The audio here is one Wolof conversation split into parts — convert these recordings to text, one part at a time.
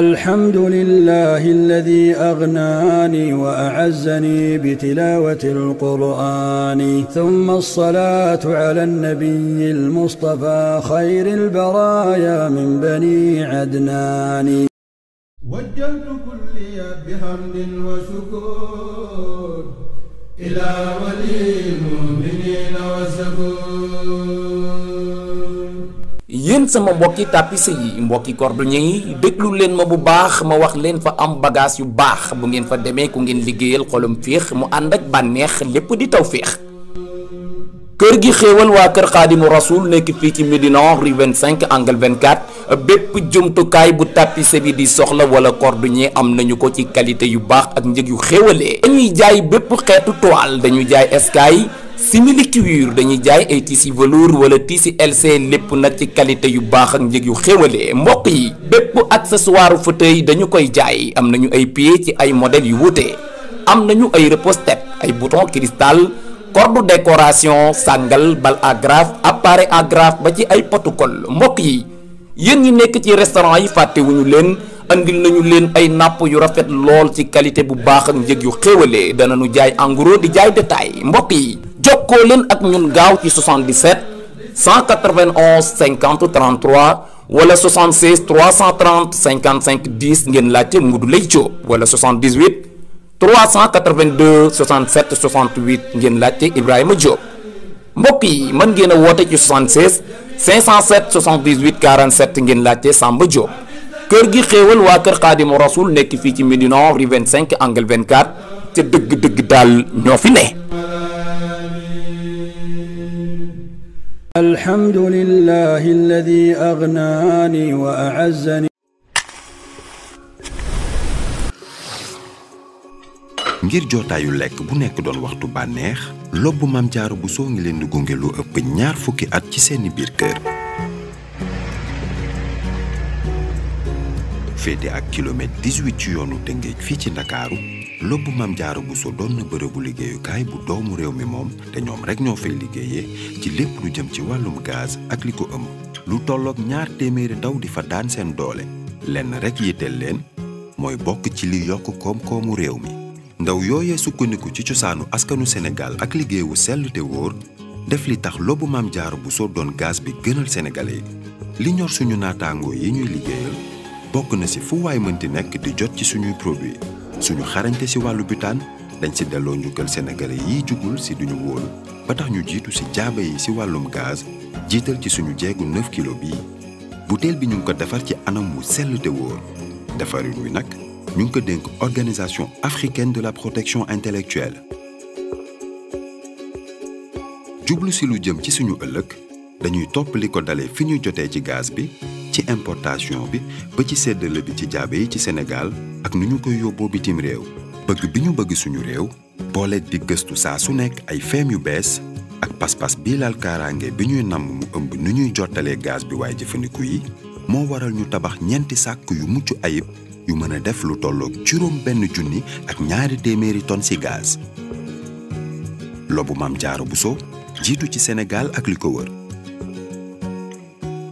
الحمد لله الذي أغناني وأعزني بتلاوة القرآن ثم الصلاة على النبي المصطفى خير البرايا من بني عدنان وجهت كلي بحمد وشكر إلى ولي yéen sama mbokki tapis yi mbokki cordonnier yi déglu leen ma bu baax ma wax leen fa am bagage yu baax bu ngeen fa demee ku ngeen liggéeyal xolum feex mu ànd ak bànneex lépp di taw féex kër gi xéewal waa kër xaadimu rasul nekk fii ci Médina rue 25 angle 24 bépp jumtukaay bu tapissier bi di soxla wala cordonnier am nañu ko ci qualité yu baax ak njëg yu xéewalee dañuy jaay bépp xeetu toile dañuy jaay eskay simili cuir dañuy jaay ay tissu velours wala tissu LC lépp nag ci qualité yu baax ak njëg yu xéwalee mbokk yi bépp accessoire fauteuil dañu koy jaay am nañu ay pie ci ay modèles yu wuute am nañu ay repose-tête ay bouton cristal corde décoration sàngal bal agrafe appareil agrafe ba ci ay protocole mbokk yi yéen ñi nekk ci restaurant yi fàttewuñu leen andil nañu leen ay napp yu rafet lool ci qualité bu baax ak njëg yu xéwalee danañu jaay en gros di jaay détail yi jokkoo leen ak ñun gaaw ci 77 191 50 33 wala 76 330 55 10 ngeen laajte Modou Leye Diop wala 78 382 67 68 ngeen laajte Ibrahima Diop mbokk yi man ngeen a woote ci 76 507 78 47 ngeen laajte Samba Diop kër gi xéewal waa kër Xaadimu Rasul nekk fii ci Médina rue 25 angle 24 ca dëgg-dëgg daal ñoo fi ne. الحمد لله ngir jotaayu lekk bu nekk doon waxtu bànneex lobbu Mame bu Bousso ngi leen di gunge lu ëpp ñaar fukki at ci seeni biir kër féete ak kilomètre ci yoonu Tëngéej fii ci Ndakaaru lobbu maam jaaro buso doon na bërëbu liggéeyukaay bu doomu réew mi moom te ñoom rek ñoo fay liggéeyee ci lépp lu jëm ci wàllum gaz ak li ko ëmb lu tollook ñaar téeméeri ndaw di fa daan seen doole lenn rek yitteel leen mooy bokk ci li yokk koom-koomu réew mi ndaw yooyee sukkandiku ci cosaanu askanu Sénégal ak liggéeyu sell te wóor def li tax lobbu maam jaaro buso doon gaz bi gënal sénégalais li ñor suñu naataangoo yi ñuy liggéeyal bokk na ci fu waay mënti nekk di jot ci suñuy produit suñu xarañte si wàllu butaan dañ si delloo njukkal sénégalais yiy jugul si duñu wóolu ba tax ñu jiitu si jaaba yi si wàllum gaz jiital ci suñu jeegu 9 kilo bii butéel bi ñu ngi ko defar ci anam wu sell te wóor defarin wi nag ñu ngi ko dénk organisation africaine de la protection intellectuelle jublu si lu jëm ci suñu ëllëg dañuy topp li ko dalee fi ñuy jotee ci gaz bi ci importation bi ba ci séddale bi ci jaabe yi ci Sénégal ak nu ñu koy yóbboo bitim réew bëgg bi ñu bëgg suñu réew boole di gëstu saa su nekk ay feem yu bees ak pas-pas bii laal kaaraange bi ñuy namm mu ëmb nu ñuy jottalee gaz bi waaye jëfandiku yi moo waral ñu tabax ñeenti sàkk yu mucc ayib yu mën a def lu tollook juróom benn junni ak ñaari téeméeri ton ci gaz lobu mam jaaro bu Buso jiitu ci Sénégal ak li ko wër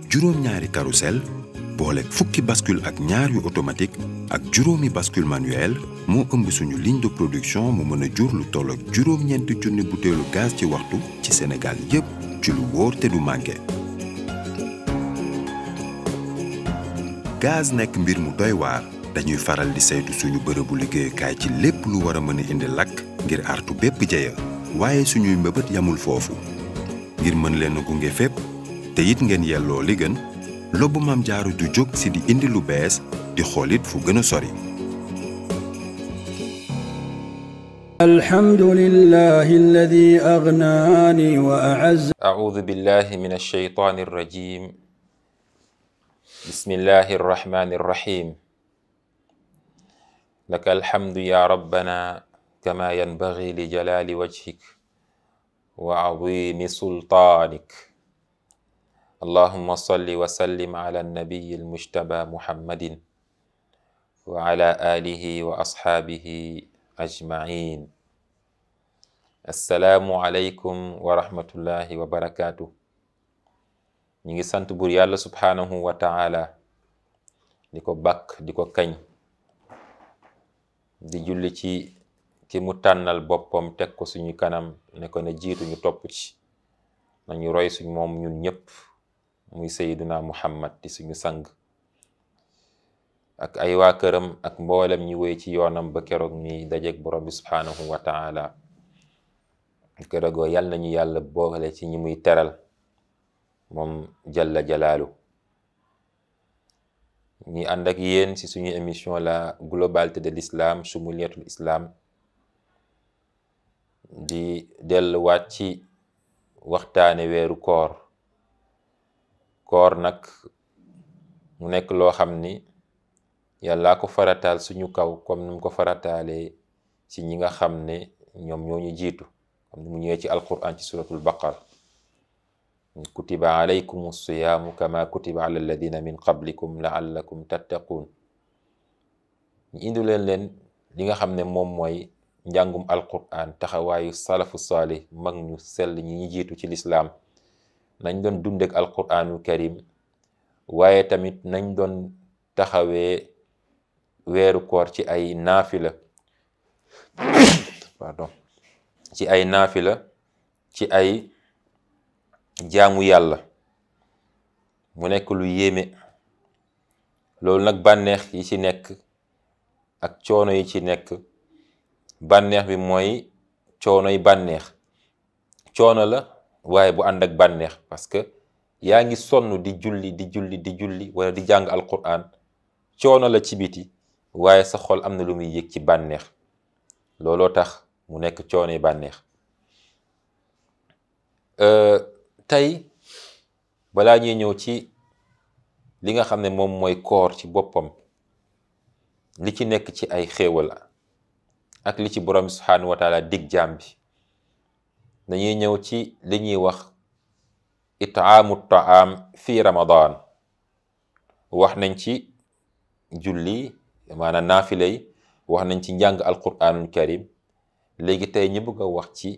juróom-ñaari carrousel boole fukki baskul ak ñaar yu automatique ak juróomi bascule manuel moo ëmb suñu ligne de production mu mën a jur lu toll ak juróom-ñeenti junni butéelu gaz ci waxtu ci senegal yépp ci lu wóor te du manqué. gaz nekk mbir mu doy waar dañuy faral di saytu suñu bërëbu liggéeyukaay ci lépp lu war a mën a indi lakk ngir artu bépp jeya waaye suñuy mbëbët yamul foofu ngir mën leen a gunge fépp. te it ngeen yelloo li gën lobbu maam jaaru du jóg si di indi lu bees di xoolit fu gën a sori. alhamdulilah alladi agnaani wa aaz. audu billahi min alshaytaani arrajim. bismillahi arrahmani arrahim. laka alhamdu ya rabbana kama yanbagi li jalaali wajhik wa azimi sultaanik. allahuma salli wa sallim ala nabiyi almujtaba muhammadin wa ala alihi wa ashaabihi ajmain assalaamu aleykum wa rahmatullahi wa barakaatu ñi ngi sant buur yàlla subhaanahu wa taala di ko bakk di ko kañ di julli ci ki mu tànnal boppam teg ko suñu kanam ne ko na jiitu ñu topp ci nañu roy suñ moom ñun ñëpp muy Seydina Muhammad di suñu sang ak ay waa këram ak mboolem ñi wéy ci yoonam ba keroog ñuy dajeeg borom bi subhaanahu wa taala keroogoo yàlla nañu yàlla boole ci ñi muy teral moom jalla jalaalu ñi ànd ak yéen ci suñu émission la globalité de l'islam shumuliyatul islam di delluwaat ci waxtaane weeru koor koor nag mu nekk loo xam ni yàllaa ko farataal suñu kaw comme ni ko farataalee ci ñi nga xam ne ñoom ñoo ñu jiitu mu ñëwee ci alquran ci suratul baqara kutiba alaykum siyaamu kama kutiba ala alladina min qablikum laallakum tattaqun indi leen leen li nga xam ne moom mooy njàngum alquran taxawaayu salafu saalih mag ñu sell ñi ñu jiitu ci lislaam nañ doon dundek alquraanul karim waaye tamit nañ doon taxawee weeru koor ci ay naafila pardon ci ay naafila ci ay jaamu yàlla mu nekk lu yéeme loolu nag bànneex yi ci nekk ak coono yi ci nekk bànneex bi mooy coonoy bànneex coono la waaye bu ànd ak bànneex parce que yaa ngi sonn di julli di julli di julli wala di jàng alquran coono la ci biti waaye sa xol am na lu muy yëg ci bànneex looloo tax mu nekk coone bànneex euh, tey balaa ñuy ñëw ci li nga xam ne moom mooy koor ci boppam li ci nekk ci ay xéewal ak li ci borom bi subhaanahu wa taala bi dañuy ñëw ci li ñuy wax itaamu taam fi ramadan wax nañ ci julli maanaam naafilay wax nañ ci njàng alquranul karim léegi tey ñu bëgg a wax ci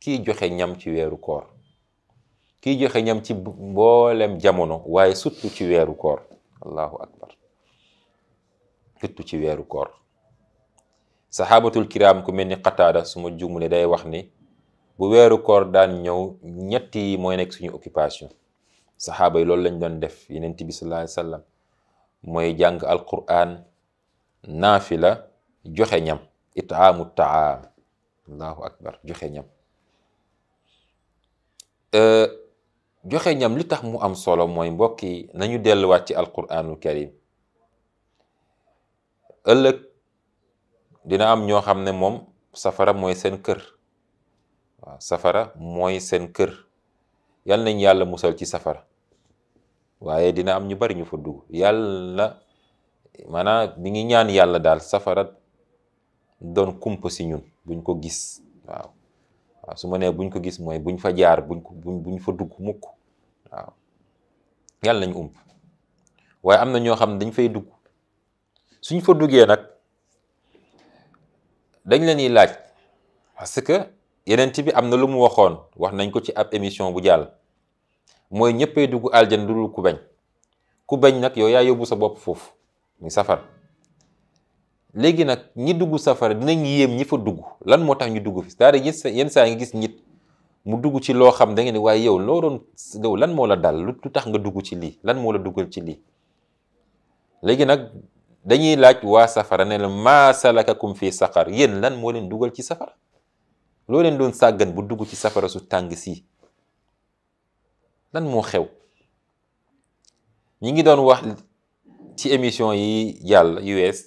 kiy joxe ñam ci weeru koor kiy joxe ñam ci mboolem jamono waaye surtout ci weeru koor allahu akbar surtout ci weeru koor sahabatul kiram ku mel ni qataada suma ma jumule day wax ni bu weeru koor daan ñëw ñetti yi mooy nekk suñu occupation saxaaba yi loolu lañ doon def yenent bi sallallahu alayhi wasallam mooy jàng alquran naafila joxe ñam itaamu taam allahu akbar joxe ñam joxe ñam li tax mu am solo mooy mbokk yi nañu delluwaat ci alquranul karim ëllëg dina am ñoo xam ne moom safara mooy seen kër waaw safara mooy seen kër yal nañ yàlla musal ci safara waaye dina am ñu bari ñu fa dugg yàlla maanaa bi ngi ñaan yàlla daal safara doon kumpa si ñun buñ ko gis waaw waaw su ma nee buñ ko gis mooy buñ fa jaar buñ ko buñ fa dugg mukk waaw yàlla nañ ump waaye am na ñoo xam ne dañ fay dugg suñ fa duggee nag dañ leen di laaj parce que yenent bi am na lu mu waxoon wax nañ ko ci ab émission bu jàll mooy ñëppay dugg aljan dul ku bañ ku bañ nag yow yaa yóbbu sa bopp foofu muy safar léegi nag ñi dugg safara dinañ yéem ñi fa dugg lan moo tax ñu dugg fi c'est-à-dire saa nga gis nit mu dugg ci loo xam danga ngeen ne waaye yow loo doon yow lan moo la dal lu tax nga dugg ci lii lan moo la duggal ci lii léegi nag dañuy laaj waa safara ne la maa salakakum fii saqar yéen lan moo leen dugal ci safara loo doon sàggan bu dugg ci safara su tàng si lan moo xew ñi ngi doon wax ci émission yi jàll US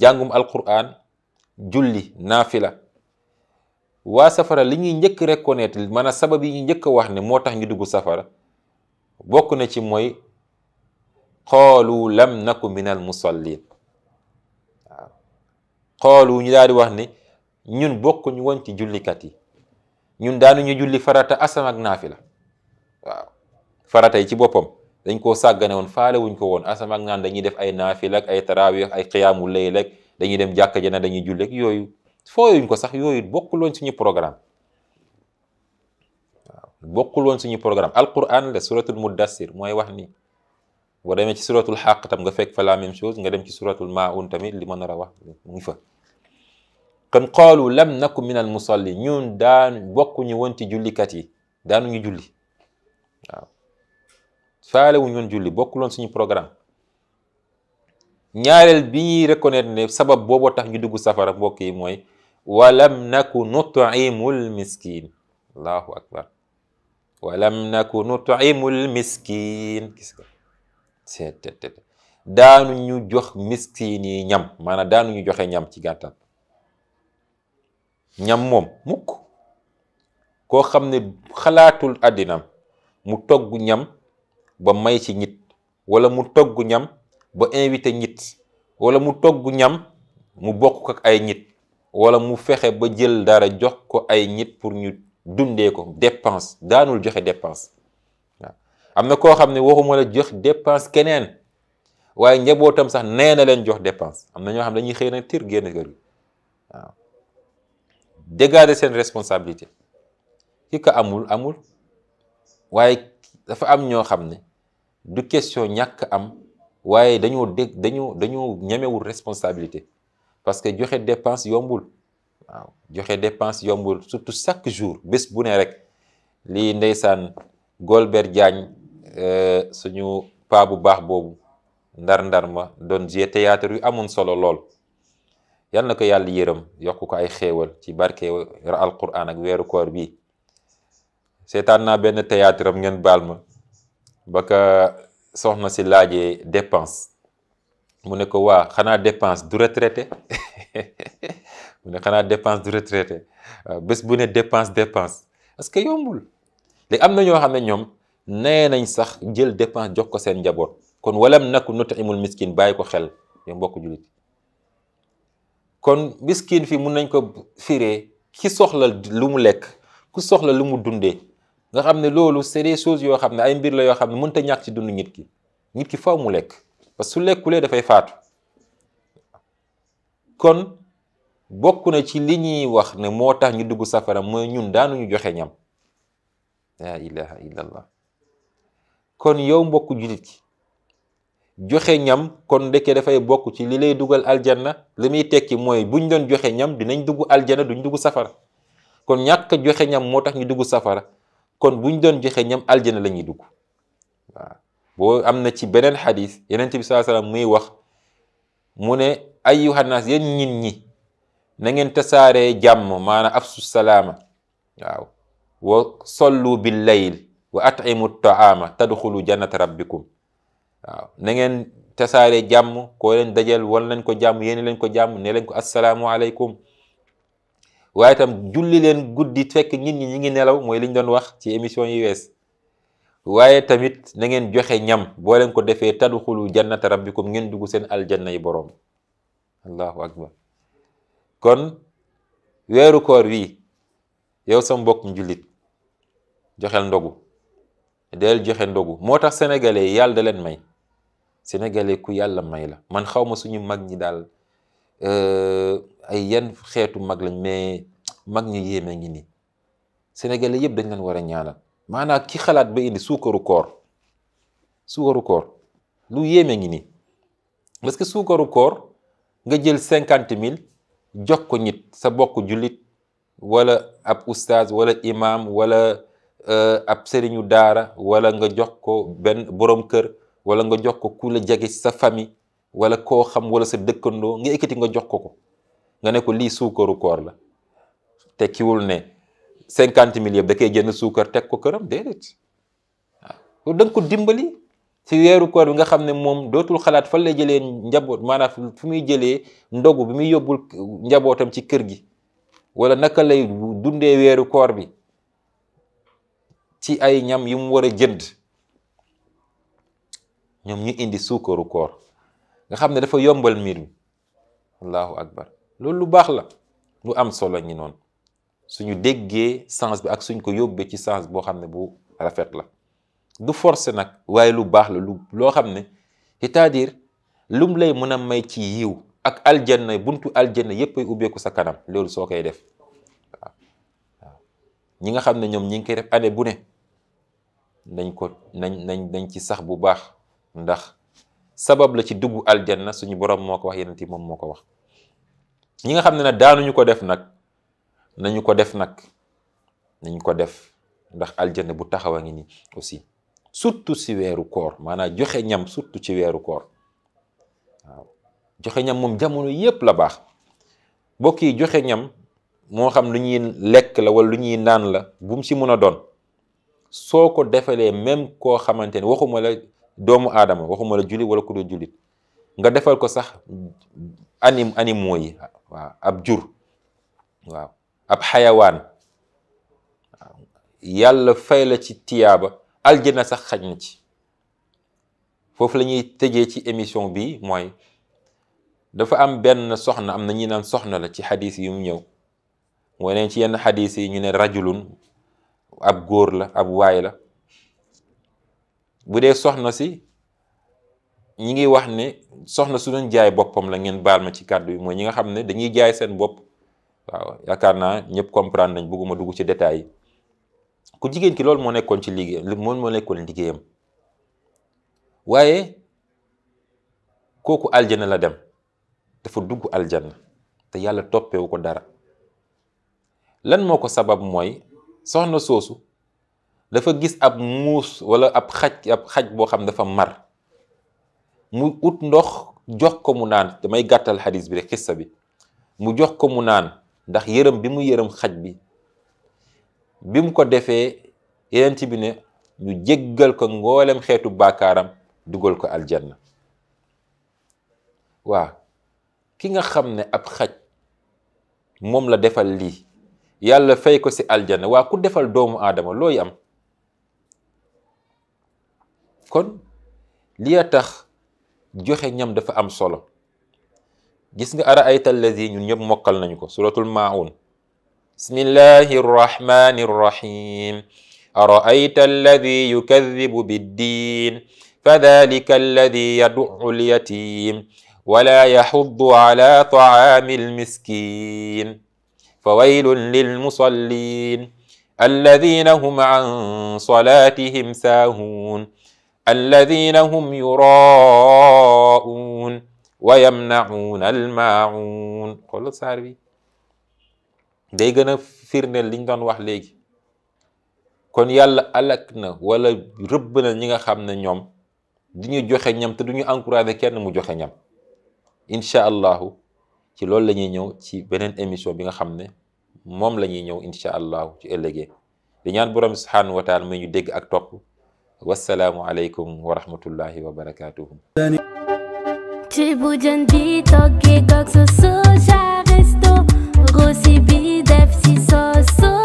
jàngum alquran julli naafila waa safara li ñuy njëkk reconnaître maanaam sabab yi ñuy njëkk wax ne moo tax ñu dugg safara bokk na ci mooy xoolu lam nakku minal musallin waaw xoolu ñu daal wax ne ñun bokkuñu woon ci jullikat yi ñun daanuñu julli farata asam ak naafila waaw ci boppam dañ koo sàggane woon faale wuñ ko woon asam ak naan dañuy def ay naafila ak ay taraawih ay xiyaamu layl ak dañuy dem jàkka ja dañuy julli yooyu fooyuñ ko sax yooyu bokkul woon suñu programme waaw bokkul woon suñu programme alquran la suratul muddassir mooy wax ni boo demee ci suratul xaq tam nga fekk fa la même chose nga dem ci suratul maun tamit li ma nar a wax mu ngi fa kon qaalu lam naku min al musalli ñun daan bokkuñu woon ci jullikat yi daanuñu julli waaw faale wuñu woon julli bokkuloon suñu programme ñaareel bi ñuy reconnaître ne sabab booboo tax ñu dugg safara mbokk yi mooy walam naku nut'imul miskin allahu akbar walam naku nut'imul daanu ñu jox miskin yi ñam maanaam daanu ñu joxe ñam ci gàttal ñam moom mukk koo xam ne xalaatul àddinam mu togg ñam ba may ci ñit walla mu togg ñam ba invité ñit wala mu togg ñam mu bokk ak ay ñit wala mu fexe ba jël dara jox ko ay ñit pour ñu dundee ko dépense daanul joxe dépense waaw am na koo xam ne waxuma la jox dépense keneen waaye njabootam sax nee na leen jox dépense am na ñoo xam ne dañuy xëy na tir génn kër gi dégager seen responsabilité ki ko amul amul waaye dafa am ñoo xam ne du question ñàkk am waaye dañoo dég dañoo dañoo ñemewul responsabilité parce que joxe dépense yombul waaw joxe dépense yombul surtout chaque jour bés bu ne rek li ndeysaan Golbert Diagne euh, suñu paa bu baax boobu ndar-ndar ma doon jouer théâtre yu amoon solo lool yal na ko yàlla yërëm yokk ko ay xéewal ci barke alquran ak weeru koor bi seetaan naa benn théâtre am ngeen baal ma ba soxna si laajee dépense mu ne ko waa xanaa dépense du retraité mu xanaa dépense du retraité bés bu ne dépense dépense parce que yombul léegi am na ñoo xam ne ñoom nee nañ sax jël dépense jox ko seen njaboot kon walam naku nutimul miskin bàyyi ko xel yow mbokk jullit kon miskin fii mun nañ ko fiiree ki soxla lu mu lekk ku soxla lu mu dundee nga xam ne loolu c'est des yoo xam ne ay mbir la yoo xam ne mënta ñàkk ci dund ñit ki nit ki faw mu lekk parce que su lekkulee dafay faatu kon bokk na ci li ñuy wax ne moo tax ñu dugg safara mooy ñun daanuñu joxe ñam laa kon yow mbokku jullit ki joxe ñam kon ndeke dafay bokk ci li lay dugal aljanna li muy tekki mooy buñ doon joxe ñam dinañ dugg aljanna duñ dugg safara kon ñàkk joxe ñam moo tax ñu dugg safara kon buñ doon joxe ñam aljanna la ñuy dugg waaw boo am na ci beneen xadis yonent bi sallallahu muy wax mu ne ay naas yéen nit ñi na ngeen tasaaree jàmm maanaam afsu salaama waaw wa sollu bil layl wa at'imu taama tadxulu jannata rabbikum waaw na ngeen tasaare jàmm koo leen dajal wan leen ko jàmm yéene leen ko jàmm ne leen ko asalaamualeykum waaye itam julli guddi fekk nit ñi ñi ngi nelaw mooy li doon wax ci émission yi wees waaye tamit na ngeen joxe ñam boo leen ko defee tadxulu jannata rabbikum ngeen dugg seen aljanna yi boroom allahu akbar kon weeru koor wi yow sa mbokk njullit joxel ndogu del joxe ndogu moo tax sénégalais yàlla da leen may sénégalais ku yàlla may la man xaw ma suñu mag ñi daal euh, ay yan xeetu mag lañ mais mag ñi yéeme ngi nii sénégalais yëpp dañ leen war a ñaanal maanaam ki xalaat ba indi suukaru koor suukaru koor lu yéeme ngi nii parce que suukaru koor nga jël cinquante mille jox ko nit sa bokk jullit wala ab oustaz wala imam wala euh, ab sëriñu daara wala nga jox ko benn borom kër wala nga jox ko ku la jege sa famille wala koo xam wala sa dëkkandoo nga ekkati nga jox ko ko nga ne ko lii suukaru koor la te kiwul ne cinquante mille yëpp da koy jënd suukar teg ko këram déedéet waaw da nga ko dimbali si weeru koor bi nga xam ne moom dootul xalaat fan lay jëlee njaboot maanaam fu muy jëlee ndogu bi muy yóbbul njabootam ci kër gi wala naka lay dundee weeru koor bi ci ay ñam yu mu war a jënd ñoom ñu indi suukaru koor nga xam ne dafa yombal mbir mi allahu akbar loolu lu baax la lu am solo ñi noonu suñu déggee sens bi ak suñ ko yóbbee ci sens boo xam ne bu rafet la du forcé nag waaye lu baax la lu loo xam ne cest à lum lay mën a may ci yiw ak aljanna buntu aljanna yépp ay ubbeeku sa kanam loolu soo koy def waaw ñi nga xam ne ñoom ñi ngi koy def année bu ne nañ ko nañ nañ nañ ci sax bu baax ndax sabab la ci dugg aljanna suñu borom moo ko wax ti moom moo ko wax ñi nga xam ne nag daanuñu ko def nag nañu ko def nag nañu ko def ndax aljanna bu taxaw a ngi ni aussi surtout si weeru koor maanaa joxe ñam surtout ci weeru koor joxe ñam moom jamono yépp la baax mbokk yi joxe ñam moo xam lu ñuy lekk la wala lu ñuy naan la bu mu si mun a doon soo ko defalee même koo xamante ne waxuma la doomu aadama waxuma la jullit wala ku dul jullit nga defal ko sax anim animaux yi ab jur waaw ab xayawaan yàlla fay la ci tiyaaba aljana sax xaj na ci foofu la ñuy tëjee ci émission bi mooy dafa am benn soxna am na ñi naan soxna la ci xadis yu ñëw moo neen ci yenn xadiis yi ñu ne rajulun ab góor la ab waay la bu dee soxna si ñi ngi wax ne soxna su doon jaay boppam la ngeen baal ma ci kàddu yi mooy ñi nga xam ne dañuy jaay seen bopp waaw yaakaar naa ñëpp comprendre nañ bëgguma dugg ci détails yi ku jigéen ki loolu moo nekkoon ci liggéeyam moom moo nekkoon liggéeyam waaye kooku aljana la dem dafa dugg aljana te yàlla toppewu ko dara lan moo ko sabab mooy soxna soosu dafa gis ab muus wala ab xaj ab xaj boo xam dafa mar mu ut ndox jox ko mu naan damay gàttal xadis bi rek xissa bi mu jox ko mu naan ndax yërëm bi mu yërëm xaj bi bi mu ko defee yenent bi ne ñu jéggal ko ngoolem xeetu baakaaram dugal ko aljanna waa ki nga xam ne ab xaj moom la defal lii yàlla fay ko ci aljanna waa ku defal doomu aadama looy am kon li a tax joxe ñam dafa am solo gis nga ara ayta allazi ñun ñëpp mokkal nañu ko suratul maun bismillahi rrahmani rrahim araayta alladi yukadibu biddin fadalika alladi yaduu lyatim wala yaxuddu ala taami almiskin fawaylun lilmusallin alladina hum an salatihim saahuun الذين هم يراءون ويمنعون الماعون xoolal saar bi day gën a firndeel liñ doon wax léegi kon yàlla alak na wala rëbb ñi nga xam ne ñoom du ñu joxe ñam te du ñu encouragé kenn mu joxe ñam incha allah ci loolu la ñuy ñëw ci beneen émission bi nga xam ne moom la ñuy ñëw incha allah ci ëllëgee di ñaan borom subhanahu wa taala may ñu dégg ak topp wassalaamu aleykum wa rahmatullahi wa barakaatuhu ci bu jën bi toggee gog sa sooja resto rosi bi def si soos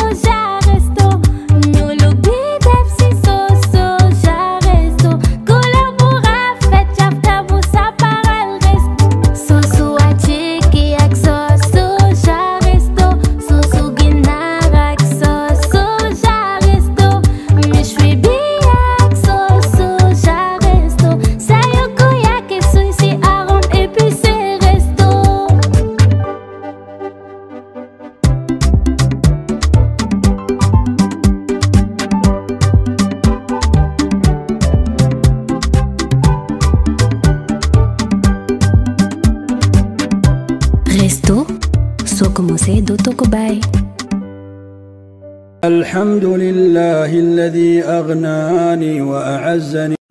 soo ko mosee dootoo ko bàyyi alhamdulillahi alladi agnaani wa a'azzani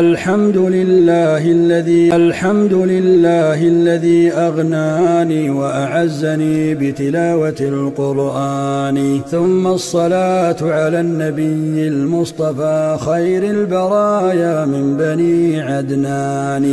الحمد لله الذي الحمد لله الذي أغناني وأعزني بتلاوة القرآن ثم الصلاة على النبي المصطفى خير البرايا من بني عدنان